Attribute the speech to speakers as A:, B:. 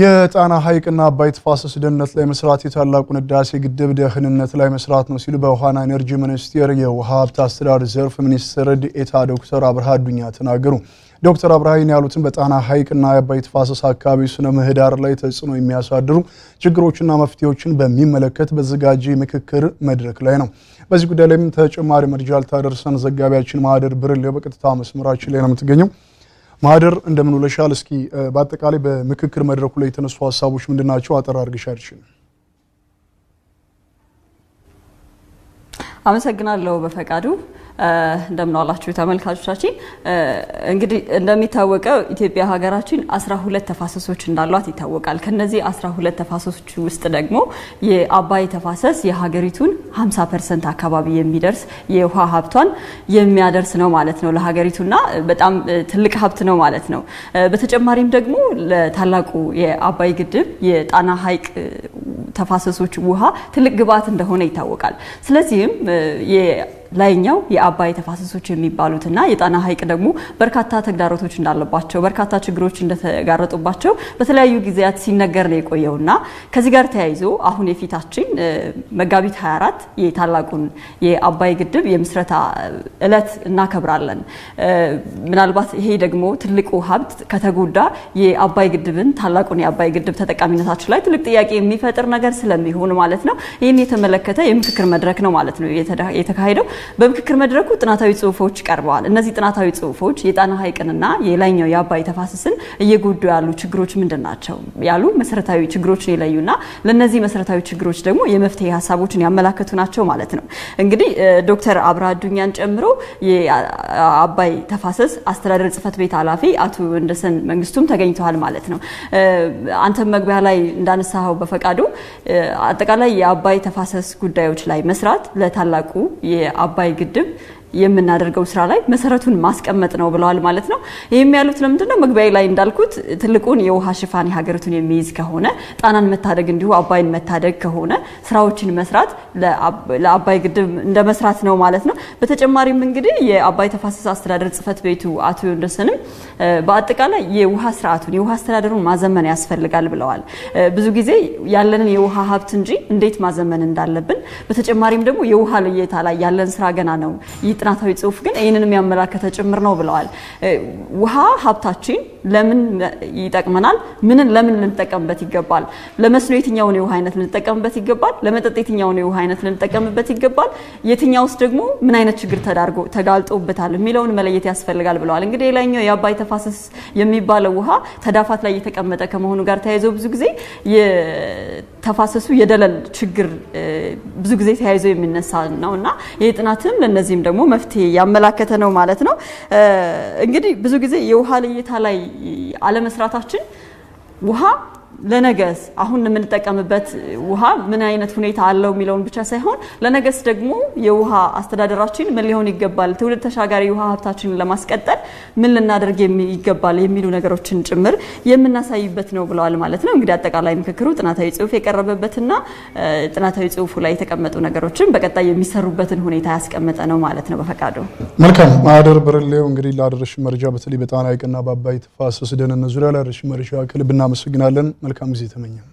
A: የጣና ሐይቅና አባይ ተፋሰስ ደህንነት ላይ መስራት የታላቁን ህዳሴ ግድብ ደህንነት ላይ መስራት ነው ሲሉ በውሃና ኤነርጂ ሚኒስቴር የውሃ ሀብት አስተዳደር ዘርፍ ሚኒስትር ዴኤታ ዶክተር አብርሃ አዱኛ ተናገሩ። ዶክተር አብርሃ ያሉትን በጣና ሐይቅና የአባይ ተፋሰስ አካባቢ ስነ ምህዳር ላይ ተጽዕኖ የሚያሳድሩ ችግሮችና መፍትሄዎችን በሚመለከት በዘጋጀ ምክክር መድረክ ላይ ነው። በዚህ ጉዳይ ላይም ተጨማሪ መረጃ ልታደርሰን ዘጋቢያችን ማህደር ብርሌው በቀጥታ መስመራችን ላይ ነው የምትገኘው። ማህደር እንደምን ውለሻል? እስኪ በአጠቃላይ በምክክር መድረኩ ላይ የተነሱ ሀሳቦች ምንድን ናቸው? አጠር
B: አመሰግናለሁ በፈቃዱ እንደምን ዋላችሁ ተመልካቾቻችን። እንግዲህ እንደሚታወቀው ኢትዮጵያ ሀገራችን 12 ተፋሰሶች እንዳሏት ይታወቃል። ከነዚህ 12 ተፋሰሶች ውስጥ ደግሞ የአባይ ተፋሰስ የሀገሪቱን 50% አካባቢ የሚደርስ የውሃ ሀብቷን የሚያደርስ ነው ማለት ነው ለሀገሪቱና በጣም ትልቅ ሀብት ነው ማለት ነው። በተጨማሪም ደግሞ ለታላቁ የአባይ ግድብ የጣና ሀይቅ ተፋሰሶች ውሃ ትልቅ ግብዓት እንደሆነ ይታወቃል። ስለዚህም ላይኛው የአባይ ተፋሰሶች የሚባሉትና የጣና ሐይቅ ደግሞ በርካታ ተግዳሮቶች እንዳለባቸው በርካታ ችግሮች እንደተጋረጡባቸው በተለያዩ ጊዜያት ሲነገር ነው የቆየውና ከዚህ ጋር ተያይዞ አሁን የፊታችን መጋቢት 24 የታላቁን የአባይ ግድብ የምስረታ እለት እናከብራለን። ምናልባት ይሄ ደግሞ ትልቁ ሀብት ከተጎዳ የአባይ ግድብን ታላቁን የአባይ ግድብ ተጠቃሚነታችን ላይ ትልቅ ጥያቄ የሚፈጥር ነገር ስለሚሆን ማለት ነው ይህን የተመለከተ የምክክር መድረክ ነው ማለት ነው የተካሄደው። በምክክር መድረኩ ጥናታዊ ጽሁፎች ቀርበዋል። እነዚህ ጥናታዊ ጽሁፎች የጣና ሐይቅንና የላይኛው የአባይ ተፋሰስን እየጎዱ ያሉ ችግሮች ምንድን ናቸው ያሉ መሰረታዊ ችግሮችን የለዩና ለእነዚህ መሰረታዊ ችግሮች ደግሞ የመፍትሄ ሀሳቦችን ያመላከቱ ናቸው ማለት ነው። እንግዲህ ዶክተር አብርሃ አዱኛን ጨምሮ የአባይ ተፋሰስ አስተዳደር ጽህፈት ቤት ኃላፊ አቶ ወንደሰን መንግስቱም ተገኝተዋል ማለት ነው። አንተ መግቢያ ላይ እንዳነሳኸው በፈቃዱ አጠቃላይ የአባይ ተፋሰስ ጉዳዮች ላይ መስራት ለታላቁ ഉറപ്പായി കിട്ടും የምናደርገው ስራ ላይ መሰረቱን ማስቀመጥ ነው ብለዋል ማለት ነው። ይህም ያሉት ለምንድን ነው? መግቢያ ላይ እንዳልኩት ትልቁን የውሃ ሽፋን የሀገሪቱን የሚይዝ ከሆነ ጣናን መታደግ እንዲሁ አባይን መታደግ ከሆነ ስራዎችን መስራት ለአባይ ግድብ እንደ መስራት ነው ማለት ነው። በተጨማሪም እንግዲህ የአባይ ተፋሰስ አስተዳደር ጽህፈት ቤቱ አቶ ዮንደሰንም በአጠቃላይ የውሃ ስርዓቱን የውሃ አስተዳደሩን ማዘመን ያስፈልጋል ብለዋል። ብዙ ጊዜ ያለንን የውሃ ሀብት እንጂ እንዴት ማዘመን እንዳለብን በተጨማሪም ደግሞ የውሃ ልየታ ላይ ያለን ስራ ገና ነው ጥናታዊ ጽሁፍ ግን ይህንን የሚያመላከተ ጭምር ነው ብለዋል። ውሃ ሀብታችን ለምን ይጠቅመናል? ምንን ለምን ልንጠቀምበት ይገባል? ለመስኖ የትኛውን የውሃ አይነት ልንጠቀምበት ይገባል? ለመጠጥ የትኛውን የውሃ አይነት ልንጠቀምበት ይገባል? የትኛውስ ደግሞ ምን አይነት ችግር ተዳርጎ ተጋልጦበታል የሚለውን መለየት ያስፈልጋል ብለዋል። እንግዲህ ሌላኛው የአባይ ተፋሰስ የሚባለው ውሃ ተዳፋት ላይ እየተቀመጠ ከመሆኑ ጋር ተያይዞ ብዙ ጊዜ ተፋሰሱ የደለል ችግር ብዙ ጊዜ ተያይዞ የሚነሳ ነው እና ይህ ጥናትም ለእነዚህም ደግሞ መፍትሄ ያመላከተ ነው ማለት ነው። እንግዲህ ብዙ ጊዜ የውሃ ልየታ ላይ አለመስራታችን ውሃ ለነገስ አሁን የምንጠቀምበት ውሃ ምን አይነት ሁኔታ አለው የሚለውን ብቻ ሳይሆን ለነገስ ደግሞ የውሃ አስተዳደራችን ምን ሊሆን ይገባል፣ ትውልድ ተሻጋሪ ውሃ ሀብታችንን ለማስቀጠል ምን ልናደርግ ይገባል የሚሉ ነገሮችን ጭምር የምናሳይበት ነው ብለዋል ማለት ነው። እንግዲህ አጠቃላይ ምክክሩ ጥናታዊ ጽሁፍ የቀረበበትና ጥናታዊ ጽሁፉ ላይ የተቀመጡ ነገሮችን በቀጣይ የሚሰሩበትን ሁኔታ ያስቀመጠ ነው ማለት ነው። በፈቃዱ
A: መልካም አደር ብርሌው እንግዲህ ላደረሽ መረጃ በተለይ በጣና ሐይቅና በአባይ ተፋሰስ ደህንነት ዙሪያ ላደረሽ መረጃ ከልብ እናመሰግናለን። ملكام زي تمنيم